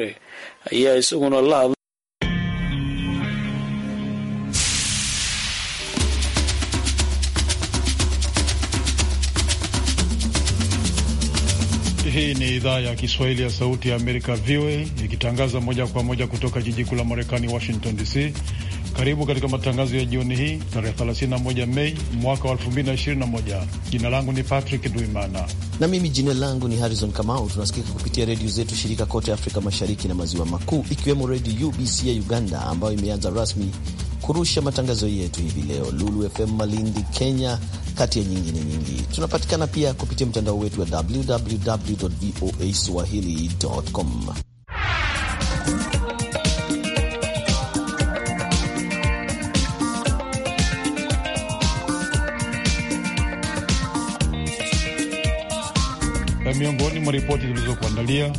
ayaa isaguna la hadlay Hii ni idhaa ya Kiswahili ya Sauti ya Amerika, VOA, ikitangaza moja kwa moja kutoka jiji kuu la Marekani, Washington DC. Karibu katika matangazo ya jioni hii tarehe 31 Mei mwaka wa 2021. Jina langu ni Patrick Duimana na mimi jina langu ni Harrison Kamau. Tunasikika kupitia redio zetu shirika kote Afrika Mashariki na Maziwa Makuu, ikiwemo redio UBC ya Uganda ambayo imeanza rasmi kurusha matangazo yetu hivi leo, Lulu FM Malindi, Kenya, kati ya nyingine nyingi. Tunapatikana pia kupitia mtandao wetu wa www voa swahili.com Na miongoni mwa ripoti zilizokuandalia,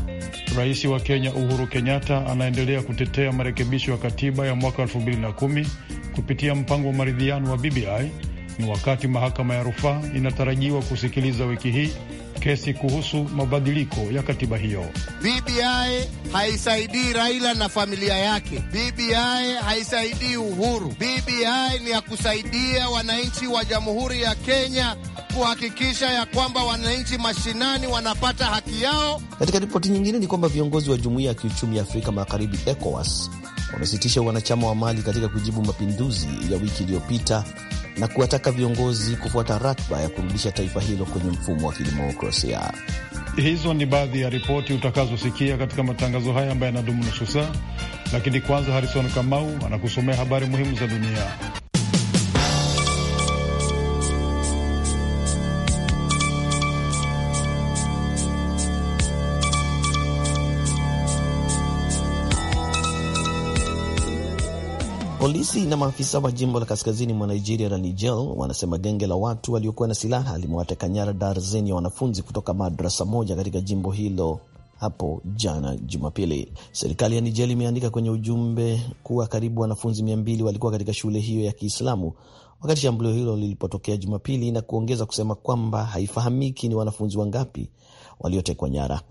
rais wa Kenya Uhuru Kenyatta anaendelea kutetea marekebisho ya katiba ya mwaka 2010 kupitia mpango wa maridhiano wa BBI. Ni wakati mahakama ya rufaa inatarajiwa kusikiliza wiki hii kesi kuhusu mabadiliko ya katiba hiyo. BBI haisaidii Raila na familia yake. BBI haisaidii Uhuru. BBI ni ya kusaidia wananchi wa Jamhuri ya Kenya kuhakikisha ya kwamba wananchi mashinani wanapata haki yao. Katika ripoti nyingine ni kwamba viongozi wa jumuiya ya kiuchumi ya Afrika Magharibi, ECOWAS, wamesitisha wanachama wa Mali katika kujibu mapinduzi ya wiki iliyopita na kuwataka viongozi kufuata ratiba ya kurudisha taifa hilo kwenye mfumo wa kidemokrasia. Hizo ni baadhi ya ripoti utakazosikia katika matangazo haya ambayo yanadumu nusu saa, lakini kwanza, Harison Kamau anakusomea habari muhimu za dunia. Polisi na maafisa wa jimbo la kaskazini mwa Nigeria la Niger wanasema genge la watu waliokuwa na silaha limewateka nyara darzeni ya wanafunzi kutoka madrasa moja katika jimbo hilo hapo jana Jumapili. Serikali ya Niger imeandika kwenye ujumbe kuwa karibu wanafunzi mia mbili walikuwa katika shule hiyo ya Kiislamu wakati shambulio hilo lilipotokea Jumapili, na kuongeza kusema kwamba haifahamiki ni wanafunzi wangapi waliotekwa nyara.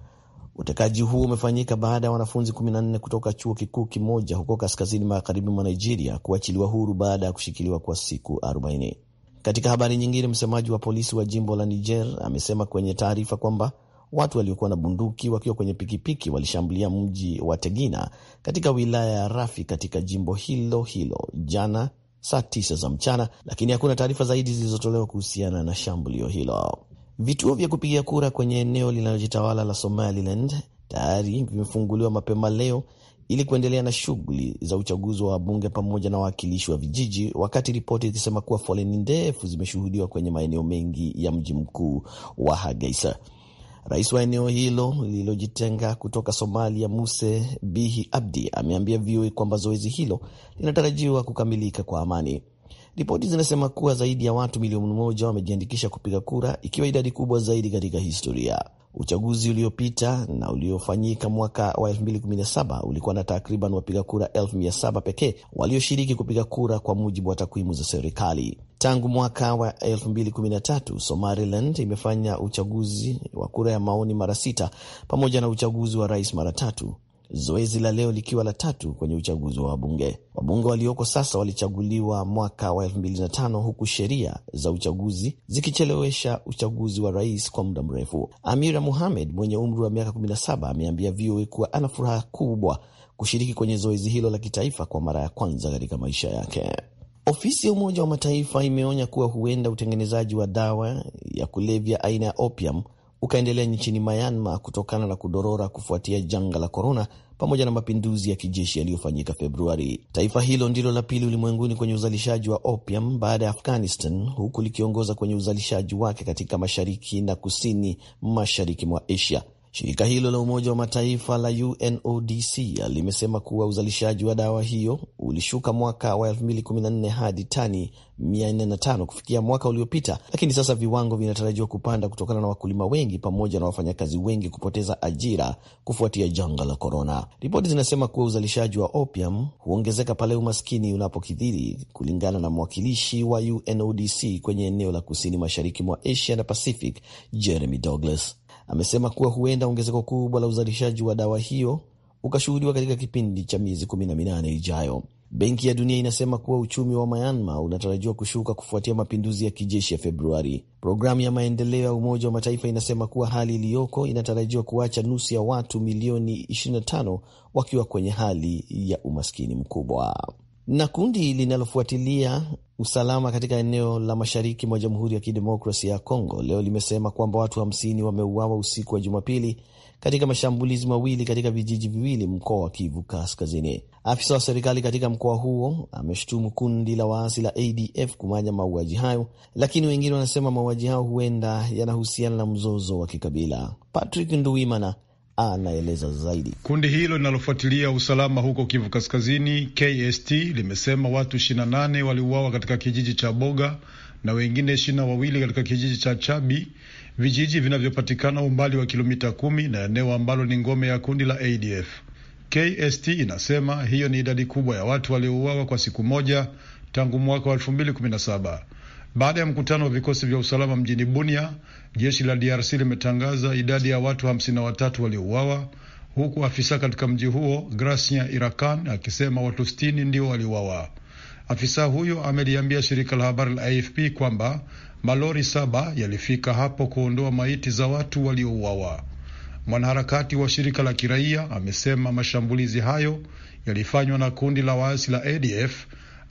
Utekaji huu umefanyika baada ya wanafunzi 14 kutoka chuo kikuu kimoja huko kaskazini magharibi mwa Nigeria kuachiliwa huru baada ya kushikiliwa kwa siku 40. Katika habari nyingine, msemaji wa polisi wa jimbo la Niger amesema kwenye taarifa kwamba watu waliokuwa na bunduki wakiwa kwenye pikipiki walishambulia mji wa Tegina katika wilaya ya Rafi katika jimbo hilo hilo jana saa 9 za mchana, lakini hakuna taarifa zaidi zilizotolewa kuhusiana na shambulio hilo. Vituo vya kupigia kura kwenye eneo linalojitawala la Somaliland tayari vimefunguliwa mapema leo ili kuendelea na shughuli za uchaguzi wa wabunge pamoja na wawakilishi wa vijiji, wakati ripoti ikisema kuwa foleni ndefu zimeshuhudiwa kwenye maeneo mengi ya mji mkuu wa hagaisa Rais wa eneo hilo lililojitenga kutoka Somalia, Muse Bihi Abdi, ameambia VOA kwamba zoezi hilo linatarajiwa kukamilika kwa amani. Ripoti zinasema kuwa zaidi ya watu milioni moja wamejiandikisha kupiga kura, ikiwa idadi kubwa zaidi katika historia. Uchaguzi uliopita na uliofanyika mwaka wa 2017 ulikuwa na takriban wapiga kura 7 pekee walioshiriki kupiga kura, kwa mujibu wa takwimu za serikali. Tangu mwaka wa 2013 Somaliland imefanya uchaguzi wa kura ya maoni mara sita pamoja na uchaguzi wa rais mara tatu zoezi la leo likiwa la tatu kwenye uchaguzi wa wabunge. Wabunge walioko sasa walichaguliwa mwaka wa 2005 huku sheria za uchaguzi zikichelewesha uchaguzi wa rais kwa muda mrefu. Amira Muhamed mwenye umri wa miaka 17 ameambia VOA kuwa ana furaha kubwa kushiriki kwenye zoezi hilo la kitaifa kwa mara ya kwanza katika maisha yake. Ofisi ya Umoja wa Mataifa imeonya kuwa huenda utengenezaji wa dawa ya kulevya aina ya opium ukaendelea nchini Myanmar kutokana na kudorora kufuatia janga la korona pamoja na mapinduzi ya kijeshi yaliyofanyika Februari. Taifa hilo ndilo la pili ulimwenguni kwenye uzalishaji wa opium baada ya Afghanistan, huku likiongoza kwenye uzalishaji wake katika mashariki na kusini mashariki mwa Asia. Shirika hilo la Umoja wa Mataifa la UNODC limesema kuwa uzalishaji wa dawa hiyo ulishuka mwaka wa 2014 hadi tani 405 kufikia mwaka uliopita, lakini sasa viwango vinatarajiwa kupanda kutokana na wakulima wengi pamoja na wafanyakazi wengi kupoteza ajira kufuatia janga la korona. Ripoti zinasema kuwa uzalishaji wa opium huongezeka pale umaskini unapokithiri, kulingana na mwakilishi wa UNODC kwenye eneo la kusini mashariki mwa Asia na Pacific, Jeremy Douglas amesema kuwa huenda ongezeko kubwa la uzalishaji wa dawa hiyo ukashuhudiwa katika kipindi cha miezi 18 ijayo. Benki ya Dunia inasema kuwa uchumi wa Myanmar unatarajiwa kushuka kufuatia mapinduzi ya kijeshi ya Februari. Programu ya maendeleo ya Umoja wa Mataifa inasema kuwa hali iliyoko inatarajiwa kuacha nusu ya watu milioni 25 wakiwa kwenye hali ya umaskini mkubwa na kundi linalofuatilia usalama katika eneo la mashariki mwa Jamhuri ya Kidemokrasia ya Kongo leo limesema kwamba watu 50 wameuawa usiku wa Jumapili katika mashambulizi mawili katika vijiji viwili mkoa wa Kivu Kaskazini. Afisa wa serikali katika mkoa huo ameshutumu kundi la waasi la ADF kumanya mauaji hayo, lakini wengine wanasema mauaji hayo huenda yanahusiana na mzozo wa kikabila. Patrick Nduwimana anaeleza zaidi. Kundi hilo linalofuatilia usalama huko Kivu Kaskazini, KST, limesema watu 28 waliuawa katika kijiji cha Boga na wengine ishirini na wawili katika kijiji cha Chabi, vijiji vinavyopatikana umbali wa kilomita kumi na eneo ambalo ni ngome ya kundi la ADF. KST inasema hiyo ni idadi kubwa ya watu waliouawa kwa siku moja tangu mwaka wa elfu baada ya mkutano wa vikosi vya usalama mjini Bunia. Jeshi la DRC limetangaza idadi ya watu hamsini na watatu waliouawa huku afisa katika mji huo Gracia Irakan akisema watu sitini ndio waliuawa. Afisa huyo ameliambia shirika la habari la AFP kwamba malori saba yalifika hapo kuondoa maiti za watu waliouawa. Mwanaharakati wa shirika la kiraia amesema mashambulizi hayo yalifanywa na kundi la waasi la ADF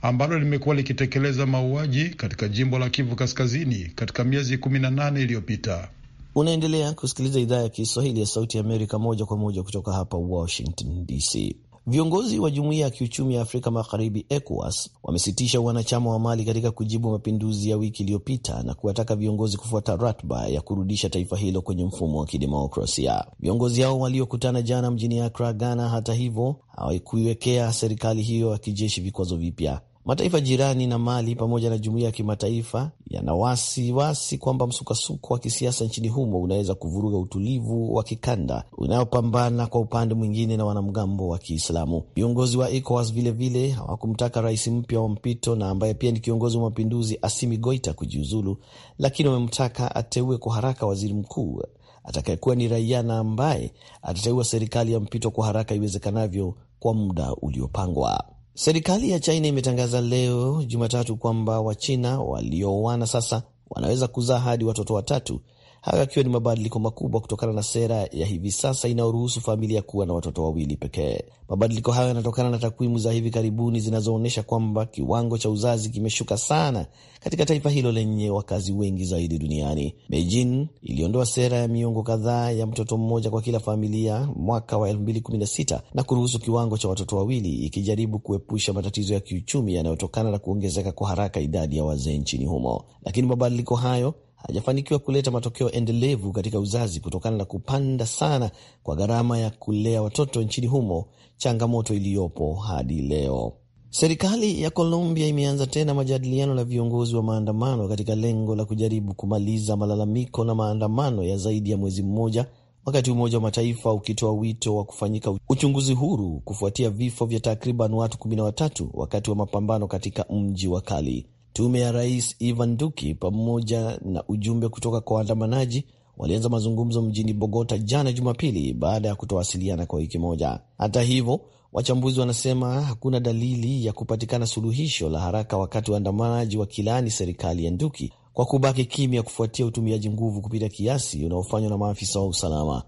ambalo limekuwa likitekeleza mauaji katika jimbo la Kivu Kaskazini katika miezi 18 iliyopita. Unaendelea kusikiliza idhaa ya Kiswahili ya Sauti ya Amerika moja kwa moja kutoka hapa Washington DC. Viongozi wa Jumuiya ya Kiuchumi ya Afrika Magharibi, ECOWAS, wamesitisha wanachama wa Mali katika kujibu mapinduzi ya wiki iliyopita na kuwataka viongozi kufuata ratiba ya kurudisha taifa hilo kwenye mfumo wa kidemokrasia. Viongozi hao waliokutana jana mjini Akra, Ghana, hata hivyo hawakuiwekea serikali hiyo ya kijeshi vikwazo vipya Mataifa jirani na Mali pamoja na jumuiya ya kimataifa yana wasiwasi kwamba msukasuko wa kisiasa nchini humo unaweza kuvuruga utulivu wa kikanda unayopambana kwa upande mwingine na wanamgambo wa Kiislamu. Viongozi wa ECOWAS vilevile hawakumtaka rais mpya wa mpito na ambaye pia ni kiongozi wa mapinduzi Asimi Goita kujiuzulu, lakini wamemtaka ateue kwa haraka waziri mkuu atakayekuwa ni raia na ambaye atateua serikali ya mpito kwa haraka iwezekanavyo kwa muda uliopangwa. Serikali ya China imetangaza leo Jumatatu kwamba Wachina walioana sasa wanaweza kuzaa hadi watoto watatu hayo yakiwa ni mabadiliko makubwa kutokana na sera ya hivi sasa inayoruhusu familia kuwa na watoto wawili pekee. Mabadiliko hayo yanatokana na takwimu za hivi karibuni zinazoonyesha kwamba kiwango cha uzazi kimeshuka sana katika taifa hilo lenye wakazi wengi zaidi duniani. Beijing iliondoa sera ya miongo kadhaa ya mtoto mmoja kwa kila familia mwaka wa 2016 na kuruhusu kiwango cha watoto wawili, ikijaribu kuepusha matatizo ya kiuchumi yanayotokana na kuongezeka kwa haraka idadi ya wazee nchini humo. Lakini mabadiliko hayo hajafanikiwa kuleta matokeo endelevu katika uzazi kutokana na kupanda sana kwa gharama ya kulea watoto nchini humo, changamoto iliyopo hadi leo. Serikali ya Colombia imeanza tena majadiliano na viongozi wa maandamano katika lengo la kujaribu kumaliza malalamiko na maandamano ya zaidi ya mwezi mmoja, wakati Umoja wa Mataifa ukitoa wito wa kufanyika uchunguzi huru kufuatia vifo vya takriban watu 13 wakati wa mapambano katika mji wa Kali. Tume ya Rais Ivan Duki pamoja na ujumbe kutoka kwa waandamanaji walianza mazungumzo mjini Bogota jana Jumapili baada ya kutowasiliana kwa wiki moja. Hata hivyo, wachambuzi wanasema hakuna dalili ya kupatikana suluhisho la haraka, wakati waandamanaji wakilaani serikali ya Nduki kwa kubaki kimya kufuatia utumiaji nguvu kupita kiasi unaofanywa na maafisa wa usalama.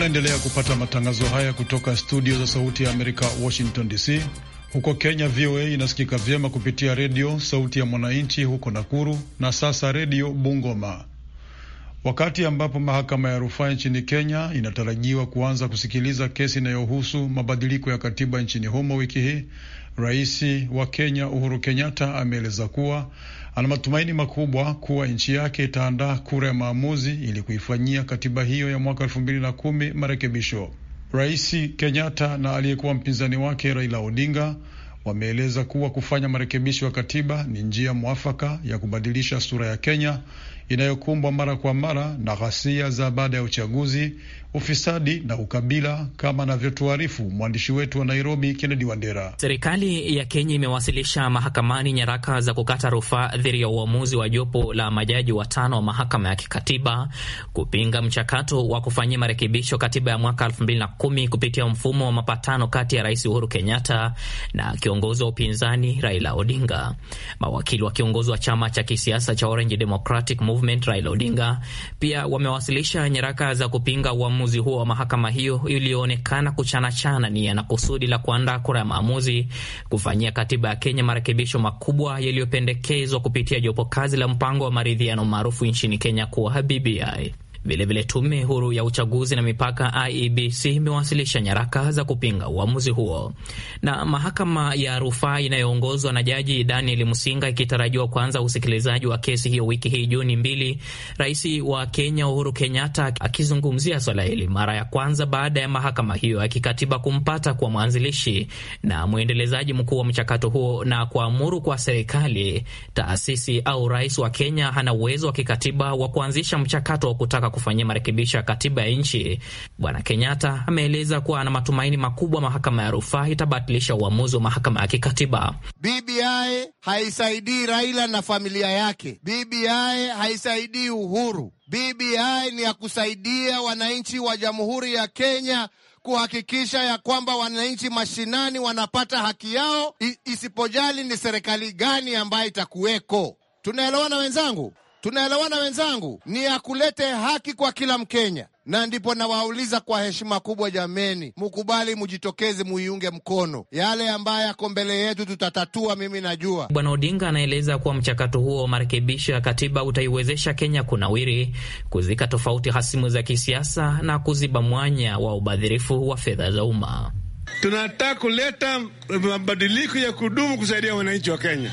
Unaendelea kupata matangazo haya kutoka studio za Sauti ya Amerika, Washington DC. Huko Kenya, VOA inasikika vyema kupitia redio Sauti ya Mwananchi huko Nakuru na sasa redio Bungoma. Wakati ambapo mahakama ya rufaa nchini Kenya inatarajiwa kuanza kusikiliza kesi inayohusu mabadiliko ya katiba nchini humo wiki hii, rais wa Kenya Uhuru Kenyatta ameeleza kuwa ana matumaini makubwa kuwa nchi yake itaandaa kura ya maamuzi ili kuifanyia katiba hiyo ya mwaka elfu mbili na kumi marekebisho. Rais Kenyatta na aliyekuwa mpinzani wake Raila Odinga wameeleza kuwa kufanya marekebisho ya katiba ni njia mwafaka ya kubadilisha sura ya Kenya inayokumbwa mara kwa mara na ghasia za baada ya uchaguzi ufisadi na ukabila, kama anavyotuarifu mwandishi wetu wa Nairobi, Kennedy Wandera. Serikali ya Kenya imewasilisha mahakamani nyaraka za kukata rufaa dhidi ya uamuzi wa jopo la majaji watano wa mahakama ya kikatiba kupinga mchakato wa kufanyia marekebisho katiba ya mwaka 2010 kupitia mfumo wa mapatano kati ya Rais Uhuru Kenyatta na kiongozi wa upinzani Raila Odinga. Mawakili wa kiongozi wa chama cha kisiasa cha Orange Democratic Movement Raila Odinga pia wamewasilisha nyaraka za kupinga uamuzi uamuzi huo wa mahakama hiyo iliyoonekana kuchanachana nia na kusudi la kuandaa kura ya maamuzi kufanyia katiba ya Kenya marekebisho makubwa yaliyopendekezwa kupitia jopo kazi la mpango wa maridhiano maarufu nchini Kenya kuwa BBI. Vilevile, tume huru ya uchaguzi na mipaka IEBC imewasilisha nyaraka za kupinga uamuzi huo, na mahakama ya rufaa inayoongozwa na Jaji Daniel Musinga ikitarajiwa kuanza usikilizaji wa kesi hiyo wiki hii Juni mbili. Rais wa Kenya Uhuru Kenyatta akizungumzia swala hili mara ya kwanza baada ya mahakama hiyo ya kikatiba kumpata kwa mwanzilishi na mwendelezaji mkuu wa mchakato huo na kuamuru kwa serikali, taasisi au rais wa Kenya hana uwezo wa kikatiba wa kuanzisha mchakato wa kutaka kufanyia marekebisho ya katiba ya nchi, Bwana Kenyatta ameeleza kuwa ana matumaini makubwa mahakama ya rufaa itabatilisha uamuzi wa mahakama ya kikatiba. BBI haisaidii Raila na familia yake. BBI haisaidii Uhuru. BBI ni ya kusaidia wananchi wa Jamhuri ya Kenya kuhakikisha ya kwamba wananchi mashinani wanapata haki yao, isipojali ni serikali gani ambayo itakuweko. Tunaelewana wenzangu? tunaelewana wenzangu, ni ya kulete haki kwa kila Mkenya, na ndipo nawauliza kwa heshima kubwa, jameni, mukubali, mujitokeze, muiunge mkono. Yale ambayo yako mbele yetu tutatatua. Mimi najua Bwana Odinga anaeleza kuwa mchakato huo wa marekebisho ya katiba utaiwezesha Kenya kunawiri, kuzika tofauti hasimu za kisiasa na kuziba mwanya wa ubadhirifu wa fedha za umma. Tunataka kuleta mabadiliko ya kudumu kusaidia wananchi wa Kenya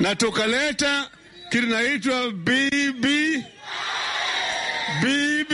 na tukaleta kinaitwa BB BB.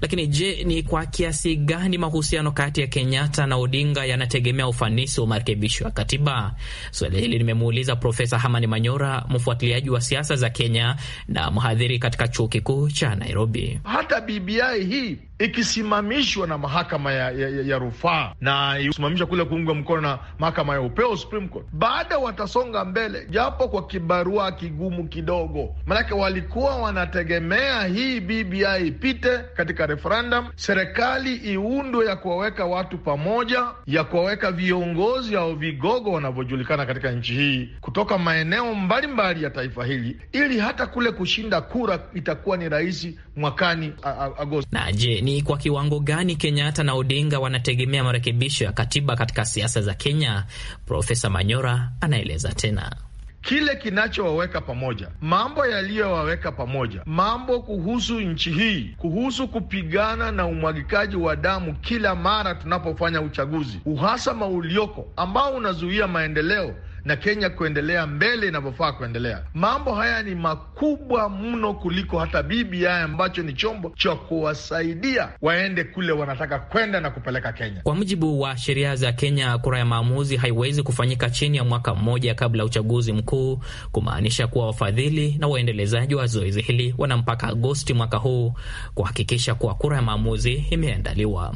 Lakini je, ni kwa kiasi gani mahusiano kati ya Kenyatta na Odinga yanategemea ufanisi wa marekebisho ya katiba? Swali hili limemuuliza Profesa Hamani Manyora, mfuatiliaji wa siasa za Kenya na mhadhiri katika chuo kikuu cha Nairobi. Hata BBI hii ikisimamishwa na mahakama ya, ya, ya rufaa na kusimamisha kule kuungwa mkono na mahakama ya upeo Supreme Court, baada watasonga mbele, japo kwa kibarua kigumu kidogo, manake walikuwa wanategemea hii BBI ipite katika referendum, serikali iundwe ya kuwaweka watu pamoja, ya kuwaweka viongozi au vigogo wanavyojulikana katika nchi hii kutoka maeneo mbalimbali mbali ya taifa hili, ili hata kule kushinda kura itakuwa ni rahisi mwakani Agosti ni kwa kiwango gani Kenyatta na Odinga wanategemea marekebisho ya katiba katika siasa za Kenya? Profesa Manyora anaeleza tena kile kinachowaweka pamoja, mambo yaliyowaweka pamoja, mambo kuhusu nchi hii, kuhusu kupigana na umwagikaji wa damu kila mara tunapofanya uchaguzi, uhasama ulioko ambao unazuia maendeleo na Kenya kuendelea mbele inavyofaa kuendelea. Mambo haya ni makubwa mno kuliko hata BBI ambacho ni chombo cha kuwasaidia waende kule wanataka kwenda na kupeleka Kenya. Kwa mujibu wa sheria za Kenya, kura ya maamuzi haiwezi kufanyika chini ya mwaka mmoja kabla ya uchaguzi mkuu, kumaanisha kuwa wafadhili na waendelezaji wa zoezi hili wana mpaka Agosti mwaka huu kuhakikisha kuwa kura ya maamuzi imeandaliwa.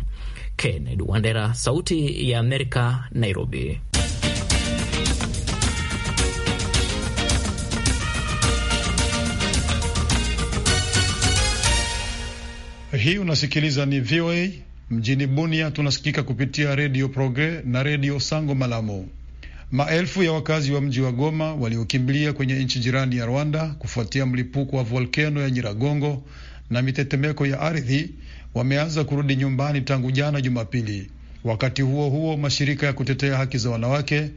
Kennedy Wandera, Sauti ya Amerika, Nairobi. hii unasikiliza ni VOA mjini Bunia. Tunasikika kupitia redio Progre na redio Sango Malamu. Maelfu ya wakazi wa mji wa Goma waliokimbilia kwenye nchi jirani ya Rwanda kufuatia mlipuko wa volkeno ya Nyiragongo na mitetemeko ya ardhi wameanza kurudi nyumbani tangu jana Jumapili. Wakati huo huo, mashirika ya kutetea haki za wanawake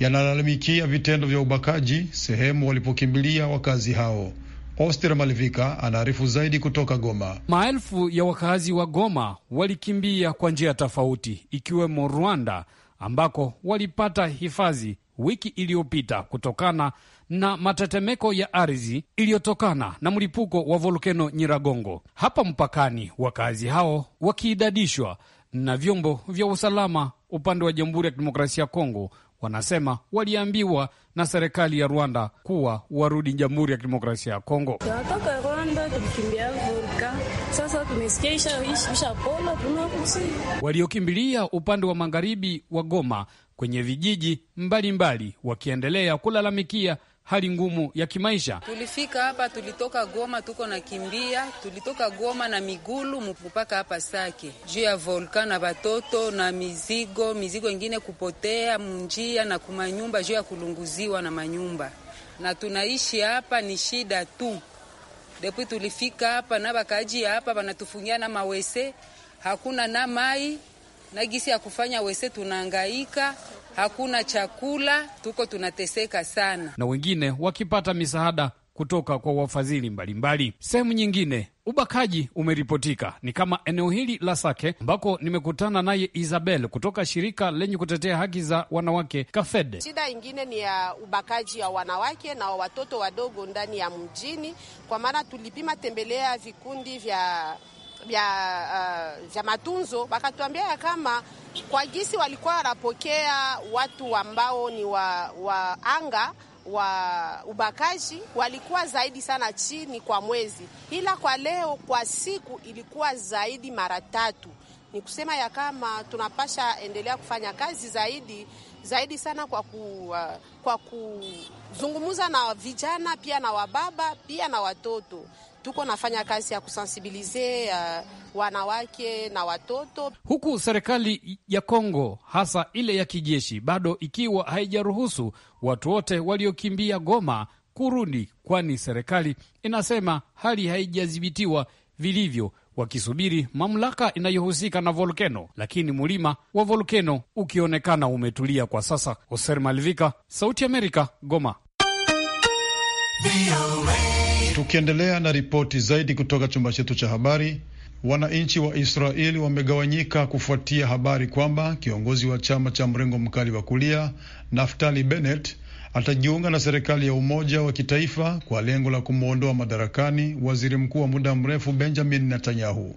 yanalalamikia vitendo vya ubakaji sehemu walipokimbilia wakazi hao. Oster Malivika anaarifu zaidi kutoka Goma. Maelfu ya wakazi wa Goma walikimbia kwa njia tofauti, ikiwemo Rwanda ambako walipata hifadhi wiki iliyopita kutokana na matetemeko ya ardhi iliyotokana na mlipuko wa volkeno Nyiragongo. Hapa mpakani, wakazi hao wakiidadishwa na vyombo vya usalama upande wa Jamhuri ya Kidemokrasia ya Kongo wanasema waliambiwa na serikali ya Rwanda kuwa warudi Jamhuri ya Kidemokrasia ya Kongo. Tunatoka Rwanda tulikimbia sasa tumesikia isha isha upande wa magharibi wa Goma kwenye vijiji mbalimbali wakiendelea kulalamikia hali ngumu ya kimaisha. Tulifika hapa, tulitoka Goma, tuko na kimbia, tulitoka Goma na migulu mpaka hapa Sake juu ya volkan na watoto na mizigo, mizigo ingine kupotea munjia na kumanyumba juu ya kulunguziwa na manyumba, na tunaishi hapa ni shida tu. Depuis tulifika hapa na bakaji hapa, wanatufungia na mawese, hakuna na mai na gisi ya kufanya wese, tunaangaika hakuna chakula, tuko tunateseka sana, na wengine wakipata misaada kutoka kwa wafadhili mbalimbali. Sehemu nyingine ubakaji umeripotika ni kama eneo hili la Sake, ambako nimekutana naye Isabel kutoka shirika lenye kutetea haki za wanawake Kafede. Shida ingine ni ya ubakaji ya wanawake na watoto wadogo ndani ya mjini, kwa maana tulipima tembelea vikundi vya vya, uh, matunzo wakatuambia kama kwa gisi walikuwa wanapokea watu ambao ni wa, wa anga wa ubakaji walikuwa zaidi sana chini kwa mwezi, ila kwa leo kwa siku ilikuwa zaidi mara tatu. Ni kusema ya kama tunapasha endelea kufanya kazi zaidi zaidi sana kwa, ku, uh, kwa kuzungumza na vijana pia na wababa pia na watoto tuko nafanya kazi ya kusensibilize uh, wanawake na watoto, huku serikali ya Kongo hasa ile ya kijeshi bado ikiwa haijaruhusu watu wote waliokimbia Goma kurudi, kwani serikali inasema hali haijadhibitiwa vilivyo, wakisubiri mamlaka inayohusika na volkeno, lakini mlima wa volkeno ukionekana umetulia kwa sasa. Hoser Malvika, Sauti Amerika, Goma. Tukiendelea na ripoti zaidi kutoka chumba chetu cha habari, wananchi wa Israeli wamegawanyika kufuatia habari kwamba kiongozi wa chama cha mrengo mkali wa kulia Naftali Bennett atajiunga na serikali ya umoja wa kitaifa kwa lengo la kumwondoa madarakani waziri mkuu wa muda mrefu Benjamin Netanyahu.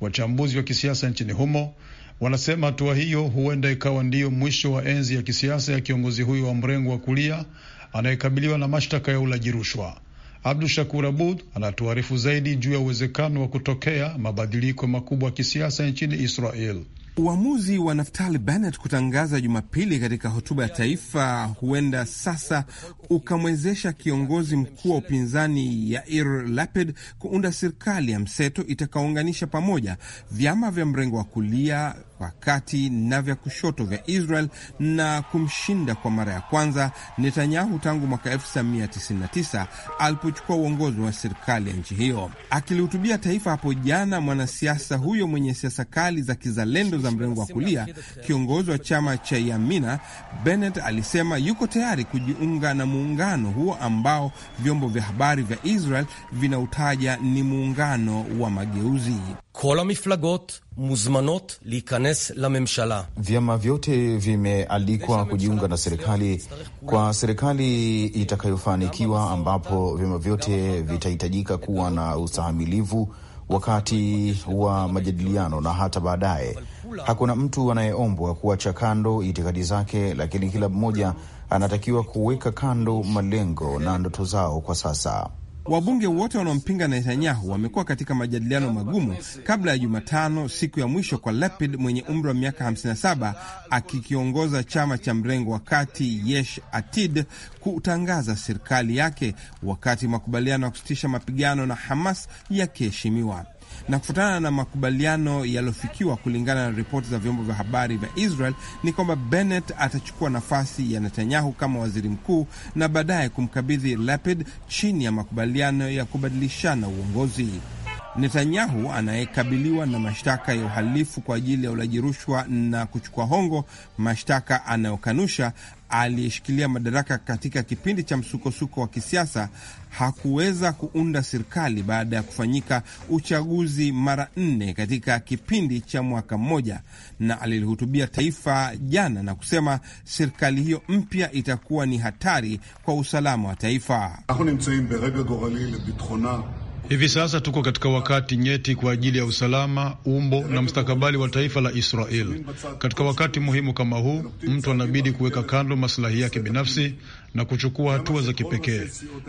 Wachambuzi wa kisiasa nchini humo wanasema hatua hiyo huenda ikawa ndiyo mwisho wa enzi ya kisiasa ya kiongozi huyo wa mrengo wa kulia anayekabiliwa na mashtaka ya ulaji rushwa. Abdu Shakur Abud anatuarifu zaidi juu ya uwezekano wa kutokea mabadiliko makubwa ya kisiasa nchini Israel. Uamuzi wa Naftali Bennett kutangaza Jumapili katika hotuba ya taifa huenda sasa ukamwezesha kiongozi mkuu wa upinzani Yair Lapid kuunda serikali ya mseto itakaounganisha pamoja vyama vya mrengo wa kulia kwa kati na vya kushoto vya Israel na kumshinda kwa mara ya kwanza Netanyahu tangu mwaka 1999 alipochukua uongozi wa serikali ya nchi hiyo. Akilihutubia taifa hapo jana, mwanasiasa huyo mwenye siasa kali za kizalendo za mrengo wa kulia, kiongozi wa chama cha Yamina, Bennett alisema yuko tayari kujiunga na muungano huo ambao vyombo vya habari vya Israel vinautaja ni muungano wa mageuzi. כל המפלגות muzmanot likanes la memshala. Vyama vyote vimealikwa kujiunga na serikali kwa serikali itakayofanikiwa, ambapo vyama vyote vitahitajika kuwa na ustahamilivu wakati wa majadiliano na hata baadaye. Hakuna mtu anayeombwa kuacha kando itikadi zake, lakini kila mmoja anatakiwa kuweka kando malengo na ndoto zao kwa sasa. Wabunge wote wanaompinga Netanyahu wamekuwa katika majadiliano magumu kabla ya Jumatano, siku ya mwisho kwa Lapid mwenye umri wa miaka 57 akikiongoza chama cha mrengo wa kati Yesh Atid kutangaza serikali yake, wakati makubaliano ya kusitisha mapigano na Hamas yakiheshimiwa na kufuatana na makubaliano yaliyofikiwa, kulingana na ripoti za vyombo vya habari vya Israel, ni kwamba Bennett atachukua nafasi ya Netanyahu kama waziri mkuu na baadaye kumkabidhi Lapid chini ya makubaliano ya kubadilishana uongozi. Netanyahu anayekabiliwa na mashtaka ya uhalifu kwa ajili ya ulaji rushwa na kuchukua hongo, mashtaka anayokanusha, aliyeshikilia madaraka katika kipindi cha msukosuko wa kisiasa hakuweza kuunda serikali baada ya kufanyika uchaguzi mara nne katika kipindi cha mwaka mmoja, na alilihutubia taifa jana na kusema serikali hiyo mpya itakuwa ni hatari kwa usalama wa taifa. Hivi sasa tuko katika wakati nyeti kwa ajili ya usalama, umbo na mstakabali wa taifa la Israel. Katika wakati muhimu kama huu, mtu anabidi kuweka kando masilahi yake binafsi na kuchukua hatua za kipekee.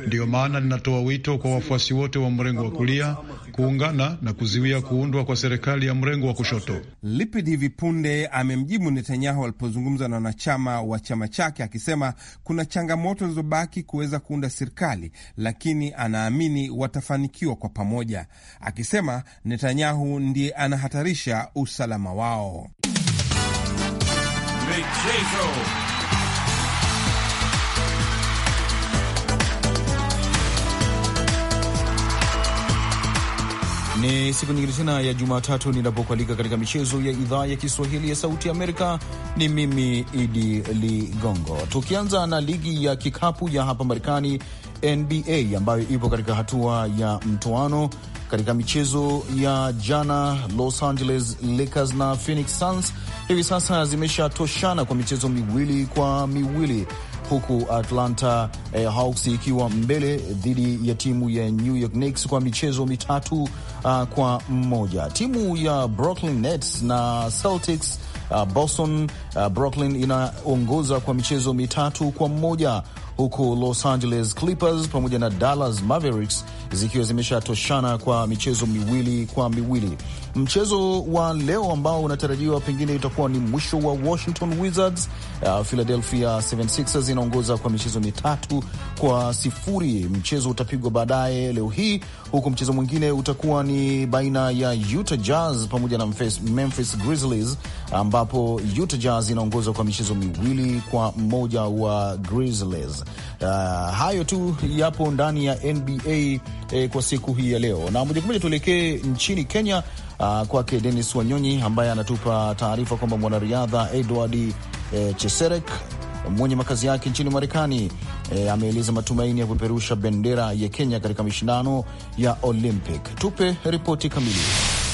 Ndiyo maana ninatoa wito kwa wafuasi wote wa mrengo wa kulia kuungana na kuziwia kuundwa kwa serikali ya mrengo wa kushoto. Lipid hivi punde amemjibu Netanyahu alipozungumza na wanachama wa chama chake, akisema kuna changamoto zilizobaki kuweza kuunda serikali, lakini anaamini watafanikiwa kwa pamoja, akisema Netanyahu ndiye anahatarisha usalama wao. Michezo. Ni siku nyingine tena ya Jumatatu ninapokualika katika michezo ya idhaa ya Kiswahili ya Sauti Amerika. Ni mimi Idi Ligongo, tukianza na ligi ya kikapu ya hapa Marekani, NBA, ambayo ipo katika hatua ya mtoano. Katika michezo ya jana, Los Angeles Lakers na Phoenix Suns hivi sasa zimeshatoshana kwa michezo miwili kwa miwili huku Atlanta eh, Hawks ikiwa mbele dhidi ya timu ya New York Knicks kwa michezo mitatu uh, kwa mmoja. Timu ya Brooklyn Nets na Celtics uh, Boston uh, Brooklyn inaongoza kwa michezo mitatu kwa mmoja huku Los Angeles Clippers pamoja na Dallas Mavericks zikiwa zimeshatoshana kwa michezo miwili kwa miwili. Mchezo wa leo ambao unatarajiwa pengine utakuwa ni mwisho wa Washington Wizards. Uh, Philadelphia 76ers inaongoza kwa michezo mitatu kwa sifuri. Mchezo utapigwa baadaye leo hii, huku mchezo mwingine utakuwa ni baina ya Utah Jazz pamoja na Memphis Grizzlies, ambapo Utah Jazz inaongoza kwa michezo miwili kwa mmoja wa Grizzlies. Uh, hayo tu yapo ndani ya NBA e, kwa siku hii ya leo. Na moja kwa moja tuelekee nchini Kenya, uh, kwake Denis Wanyonyi ambaye anatupa taarifa kwamba mwanariadha Edward e, Cheserek mwenye makazi yake nchini Marekani e, ameeleza matumaini ya kupeperusha bendera ya Kenya katika mashindano ya Olympic. Tupe ripoti kamili.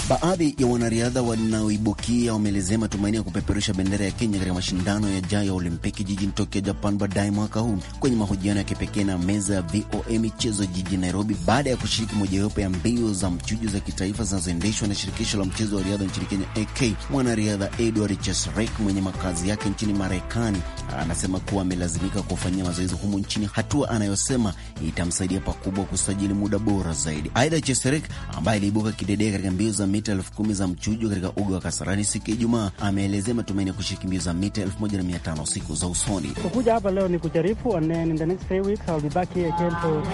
Baadhi ya wanariadha wanaoibukia wameelezea matumaini ya kupeperusha bendera ya Kenya katika mashindano yajayo ya Olimpiki jijini Tokyo, Japan, baadaye mwaka huu. Kwenye mahojiano ya kipekee na meza ya VOA michezo jijini Nairobi, baada ya kushiriki mojawapo ya mbio za mchujo za kitaifa zinazoendeshwa na shirikisho la mchezo wa riadha nchini Kenya, AK, mwanariadha Edward Chesrek mwenye makazi yake nchini Marekani anasema kuwa amelazimika kufanyia mazoezi humu nchini, hatua anayosema itamsaidia pakubwa kusajili muda bora zaidi. Aidha, Chesrek ambaye aliibuka kidedea katika mbio za mita elfu kumi za mchujo katika uga wa Kasarani siku ya Ijumaa, ameelezea matumaini ya za mita elfu moja na mia tano siku za usoni. Kukuja hapa leo ni kujaribu and then in the next three weeks I'll be back here again trials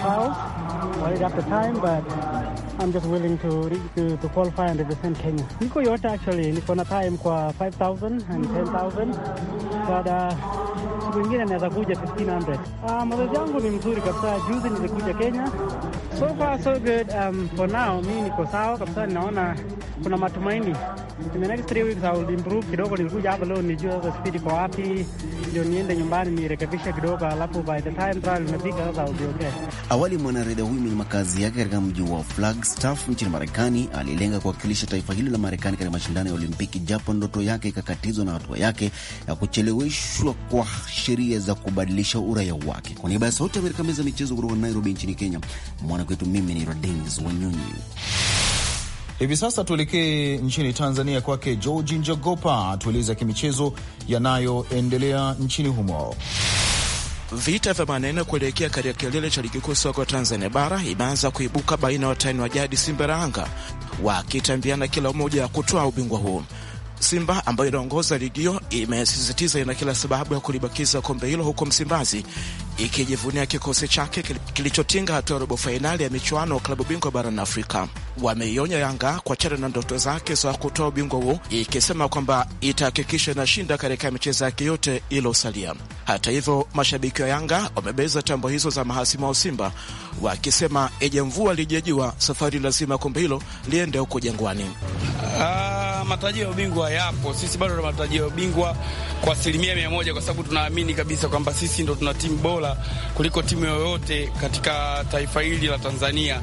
right after time but I'm just willing to, to, to qualify and represent Kenya. Niko yote actually, niko na time kwa 5000 and 10000 but uh, siku ingine naweza kuja 1500. Uh, mazoezi yangu ni mzuri kabisa, juzi nilikuja Kenya. So far so good. Um, for now mi niko sawa kabisa, ninaona kuna matumaini in the next three weeks I will improve kidogo. Nilikuja hapa leo nijua the speed iko wapi, ndio niende nyumbani nirekebishe kidogo, alafu by the time trial imefika sasa will be okay. Awali mwanariadha huyu mwenye makazi yake katika mji wa Flagstaff nchini Marekani alilenga kuwakilisha taifa hilo la Marekani katika mashindano ya Olimpiki, japo ndoto yake ikakatizwa na hatua yake ya kucheleweshwa kwa sheria za kubadilisha uraia wake. Kwa niaba ya Sauti ya Amerika, meza michezo kutoka Nairobi nchini Kenya, mwanakwetu, mimi ni Rodenis Wanyonyi. Hivi sasa tuelekee nchini Tanzania, kwake Georgi Njogopa atueleza kimichezo yanayoendelea nchini humo. Vita vya maneno kuelekea katika kilele cha ligi kuu soka Tanzania bara imeanza kuibuka baina ya watani wa jadi Simba na Yanga, wakitambiana kila mmoja ya kutoa ubingwa huu Simba ambayo inaongoza ligi hiyo imesisitiza ina kila sababu ya kulibakiza kombe hilo huko Msimbazi ikijivunia kikosi chake kilichotinga hatua ya robo fainali ya michuano klabu bingwa barani Afrika. Wameionya Yanga kuachana na ndoto zake za kutoa ubingwa huo, ikisema kwamba itahakikisha inashinda katika michezo yake yote iliyosalia. Hata hivyo, mashabiki wa Yanga wamebeza tambo hizo za mahasimu wa Simba wakisema eje mvua lijejua safari lazima kombe hilo liende huko Jangwani. Uh, matarajio ya ubingwa yapo. Sisi bado tuna matarajio ya ubingwa kwa asilimia mia moja kwa sababu tunaamini kabisa kwamba sisi ndo tuna timu bora bora kuliko timu yoyote katika taifa hili la Tanzania.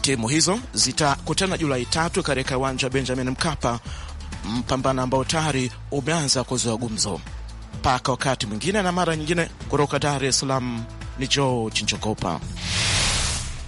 Timu hizo zitakutana Julai tatu katika uwanja wa Benjamin Mkapa, mpambano ambao tayari umeanza kuzoa gumzo. Mpaka wakati mwingine na mara nyingine, kutoka Dar es Salaam ni George Njogopa.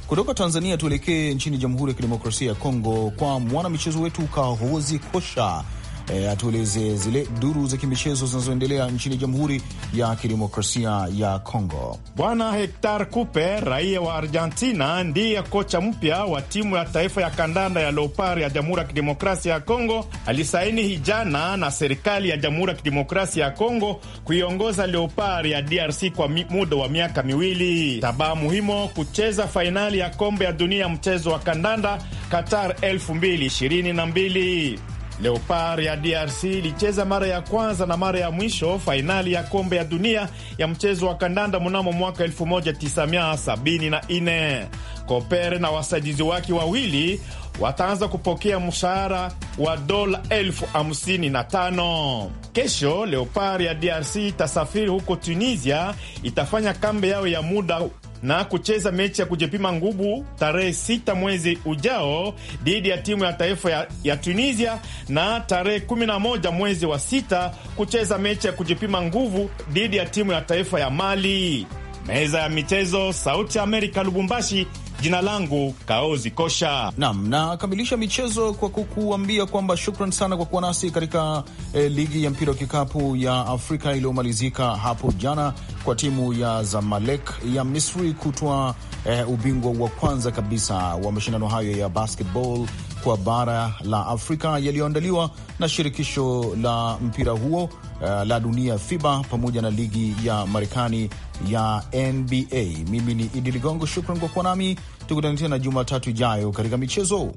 Kutoka Tanzania tuelekee nchini Jamhuri ya Kidemokrasia ya Kongo kwa mwanamichezo wetu Kahozi Kosha e, atueleze zile duru za kimichezo zinazoendelea nchini Jamhuri ya Kidemokrasia ya Kongo. Bwana Hektar Cuper, raia wa Argentina, ndiye kocha mpya wa timu ya taifa ya kandanda ya leopar ya Jamhuri ya Kidemokrasia ya Kongo, alisaini hijana na serikali ya Jamhuri ya Kidemokrasia ya Kongo kuiongoza leopar ya DRC kwa muda wa miaka miwili, tabaa muhimu kucheza fainali ya kombe ya dunia mchezo wa kandanda Qatar 2022. Leopard ya DRC ilicheza mara ya kwanza na mara ya mwisho fainali ya kombe ya dunia ya mchezo wa kandanda mnamo mwaka 1974. Kopere na wasaidizi wake wawili wataanza kupokea mshahara wa dola elfu hamsini na tano. Kesho Leopard ya DRC itasafiri huko Tunisia, itafanya kambi yao ya muda na kucheza mechi ya kujipima nguvu tarehe sita mwezi ujao dhidi ya timu ya taifa ya, ya Tunisia na tarehe 11 mwezi wa sita kucheza mechi ya kujipima nguvu dhidi ya timu ya taifa ya Mali. Meza ya michezo, Sauti ya Amerika, Lubumbashi. Jina langu Kaozi Kosha nam nakamilisha michezo kwa kukuambia kwamba shukran sana kwa kuwa nasi katika eh, ligi ya mpira wa kikapu ya Afrika iliyomalizika hapo jana kwa timu ya Zamalek ya Misri kutoa eh, ubingwa wa kwanza kabisa wa mashindano hayo ya basketball kwa bara la Afrika yaliyoandaliwa na shirikisho la mpira huo uh, la dunia FIBA pamoja na ligi ya Marekani ya NBA. Mimi ni Idi Ligongo, shukran kwa kuwa nami. Tukutane tena Jumatatu ijayo katika michezo.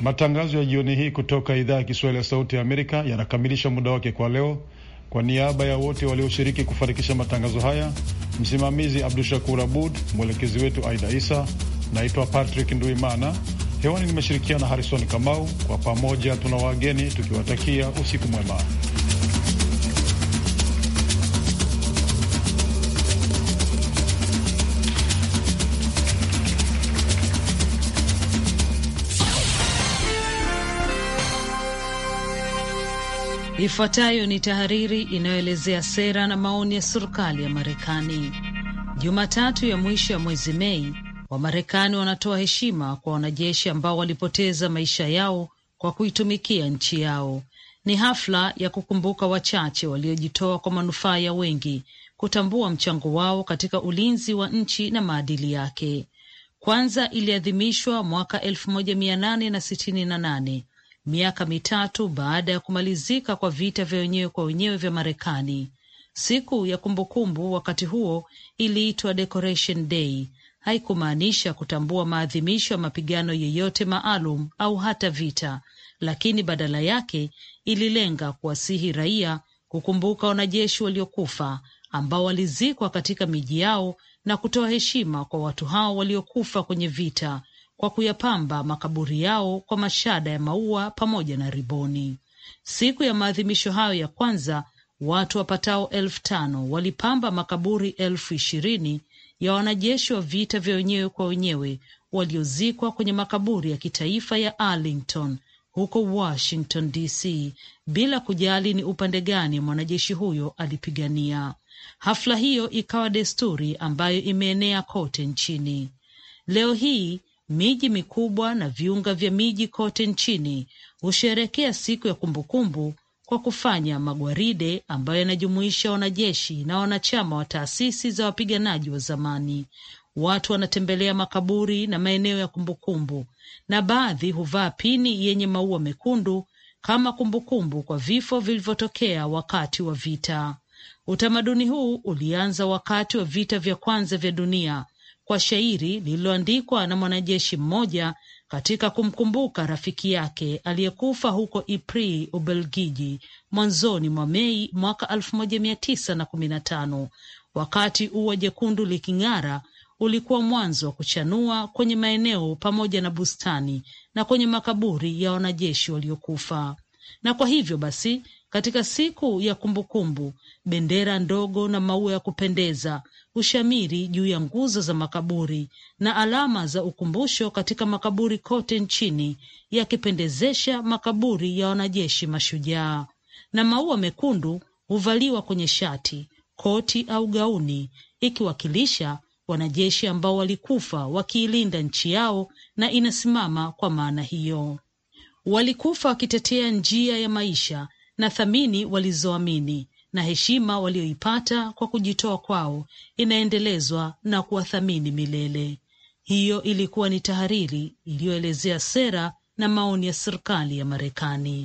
Matangazo ya jioni hii kutoka idhaa ya Kiswahili ya Sauti ya Amerika yanakamilisha muda wake kwa leo. Kwa niaba ya wote walioshiriki kufanikisha matangazo haya, msimamizi Abdu Shakur Abud, mwelekezi wetu Aida Isa. Naitwa Patrick Nduimana. Hewani nimeshirikiana Harrison Kamau. Kwa pamoja tuna wageni tukiwatakia usiku mwema. Ifuatayo ni tahariri inayoelezea sera na maoni ya serikali ya Marekani. Jumatatu ya mwisho ya mwezi Mei, Wamarekani wanatoa heshima kwa wanajeshi ambao walipoteza maisha yao kwa kuitumikia nchi yao. Ni hafla ya kukumbuka wachache waliojitoa kwa manufaa ya wengi, kutambua mchango wao katika ulinzi wa nchi na maadili yake. Kwanza iliadhimishwa mwaka 1868 miaka mitatu baada ya kumalizika kwa vita vya wenyewe kwa wenyewe vya Marekani. Siku ya kumbukumbu wakati huo iliitwa Decoration Day haikumaanisha kutambua maadhimisho ya mapigano yeyote maalum au hata vita, lakini badala yake ililenga kuwasihi raia kukumbuka wanajeshi waliokufa ambao walizikwa katika miji yao na kutoa heshima kwa watu hao waliokufa kwenye vita kwa kuyapamba makaburi yao kwa mashada ya maua pamoja na riboni. Siku ya maadhimisho hayo ya kwanza, watu wapatao elfu tano walipamba makaburi elfu ishirini ya wanajeshi wa vita vya wenyewe kwa wenyewe waliozikwa kwenye makaburi ya kitaifa ya Arlington huko Washington DC, bila kujali ni upande gani mwanajeshi huyo alipigania. Hafla hiyo ikawa desturi ambayo imeenea kote nchini. Leo hii miji mikubwa na viunga vya miji kote nchini husherekea siku ya kumbukumbu kwa kufanya magwaride ambayo yanajumuisha wanajeshi na wanachama wa taasisi za wapiganaji wa zamani. Watu wanatembelea makaburi na maeneo ya kumbukumbu, na baadhi huvaa pini yenye maua mekundu kama kumbukumbu kwa vifo vilivyotokea wakati wa vita. Utamaduni huu ulianza wakati wa vita vya kwanza vya dunia kwa shairi lililoandikwa na mwanajeshi mmoja katika kumkumbuka rafiki yake aliyekufa huko Ipri, Ubelgiji, mwanzoni mwa Mei mwaka 1915 wakati ua jekundu liking'ara ulikuwa mwanzo wa kuchanua kwenye maeneo pamoja na bustani na kwenye makaburi ya wanajeshi waliokufa. Na kwa hivyo basi katika siku ya kumbukumbu, bendera ndogo na maua ya kupendeza ushamiri juu ya nguzo za makaburi na alama za ukumbusho katika makaburi kote nchini, yakipendezesha makaburi ya wanajeshi mashujaa. Na maua mekundu huvaliwa kwenye shati, koti au gauni, ikiwakilisha wanajeshi ambao walikufa wakiilinda nchi yao, na inasimama kwa maana hiyo, walikufa wakitetea njia ya maisha na thamini walizoamini na heshima walioipata kwa kujitoa kwao inaendelezwa na kuwathamini milele. Hiyo ilikuwa ni tahariri iliyoelezea sera na maoni ya serikali ya Marekani.